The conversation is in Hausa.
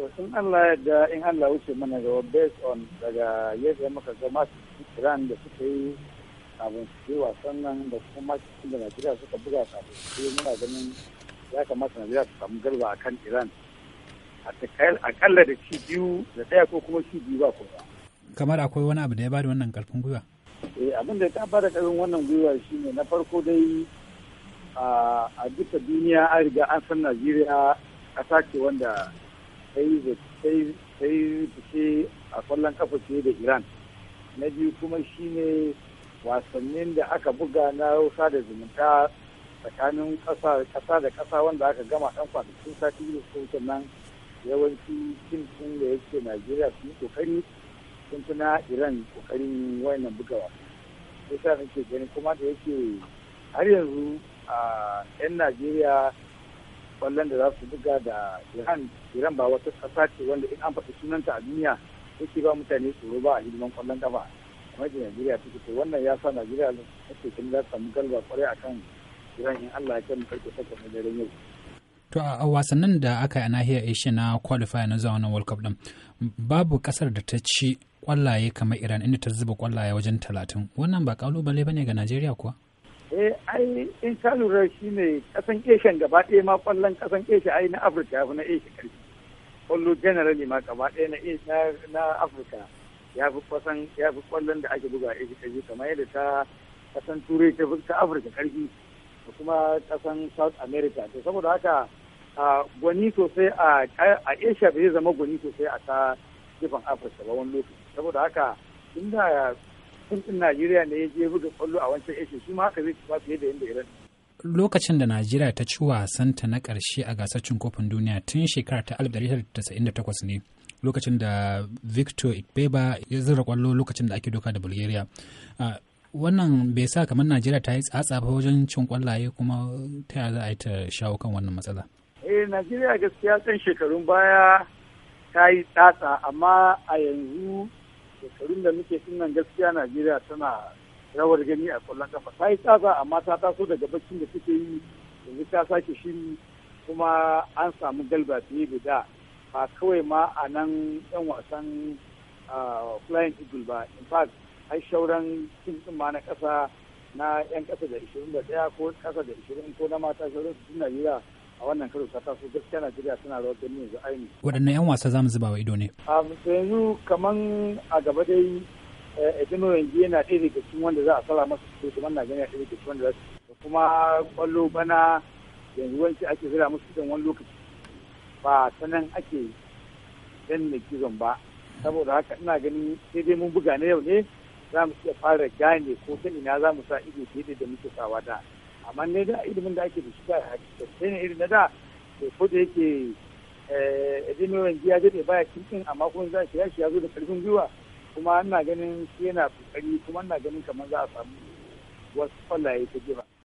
to in Allah da in Allah wuce mana gaba based on daga yadda muka ga masu Iran da suka yi abin su yi wasan nan da kuma masu da Najeriya suka buga kafin su muna ganin ya kamata Najeriya su samu galba a kan Iran a kalla da ci biyu da ɗaya ko kuma ci biyu ba kuma. Kamar akwai wani abu da ya bada wannan karfin gwiwa? Eh abin da ya bada karfin wannan gwiwa shine na farko dai a duka duniya an riga an san Najeriya ƙasa ce wanda sai a kwallon kafa fiye da iran na biyu kuma shine wasannin da aka buga na da zumunta tsakanin kasa da kasa wanda aka gama dan kwanakin sati da suka nan yawanci cin da yake najeriya sun yi kokari sun fi iran kokarin wayannan bugawa sai sa nake gani kuma da yake har yanzu a 'yan najeriya kwallon da za su buga da iran iran ba wata kasa ce wanda in an faɗi sunanta a duniya yake ba mutane tsoro ba a hidiman kwallon kafa kamar da najeriya take to wannan ya sa najeriya take kin za ta samu galba kwarai akan iran in allah ya kai karfe takwas na daren yau To a wasannin da aka yi a nahiyar Asia na qualifier na zuwa World Cup din babu kasar da ta ci kwallaye kamar Iran inda ta zuba kwallaye wajen talatin. Wannan ba kalubale ne ga Najeriya kuwa? eh ai in ka lura shi ne kasan keshen gaba ɗaya ma kwallon kasan keshe ai na afirka ya fi na eshe ƙarfi kwallo generally ma gaba ɗaya na na afirka ya fi kwasan ya fi kwallon da ake buga eshe ƙarfi kamar yadda ta kasan turai ta ta afirka ƙarfi da kuma kasan south america to saboda haka gwani sosai a asia bai zama gwani sosai a ta gefen afirka ba wani lokaci saboda haka inda kuntin Najeriya ne ya je buga kwallo a wancan Asia shi ma haka zai ci fiye da yadda Iran lokacin da Najeriya ta ci wasanta na ƙarshe a gasar cin kofin duniya tun shekara ta 1998 ne lokacin da Victor itbeba ya zira kwallo lokacin da ake doka da Bulgaria wannan bai sa kamar Najeriya ta yi tsatsa ba wajen cin kwallaye kuma ta yi za a yi ta shawo kan wannan matsala eh Najeriya gaskiya san shekarun baya ta yi tsatsa amma a yanzu shekarun da muke sunan gaskiya najeriya tana rawar gani a kwallon kafa ta yi tsaza amma ta taso daga bakin da suke yi yanzu ta sake shiri kuma an samu galba fiye da da ba kawai ma a nan yan wasan flying eagle ba in fact har shauran cin cin ma na kasa na yan kasa da 21 ko kasa da 20 ko na mata shauran su najeriya a wannan karo ta taso gaskiya Najeriya suna rawar gani yanzu aini. Waɗannan 'yan wasa za mu zuba wa ido ne? A yanzu kamar a gaba dai eh, Edino yanzu yana ɗaya daga cikin wanda za a sara masa su kuma ɗaya daga cikin wanda za kuma kwallo bana yanzu wancan ake zira musu cikin wani lokaci ba ta nan ake yan danne kizon ba saboda haka ina ganin sai dai mun buga na yau ne za mu iya fara gane ko ta ina za mu sa ido fiye da muke sawa da. amma ne da ilimin da ake da shi da hakikace ne irin na da ko da yake eh, edinoyin ya daɗe baya cikin amma kuma za shi ya shi ya zo da karfin gwiwa kuma ina ganin shi yana kokari kuma ina ganin kamar za a samu wasu kwallaye ta jira.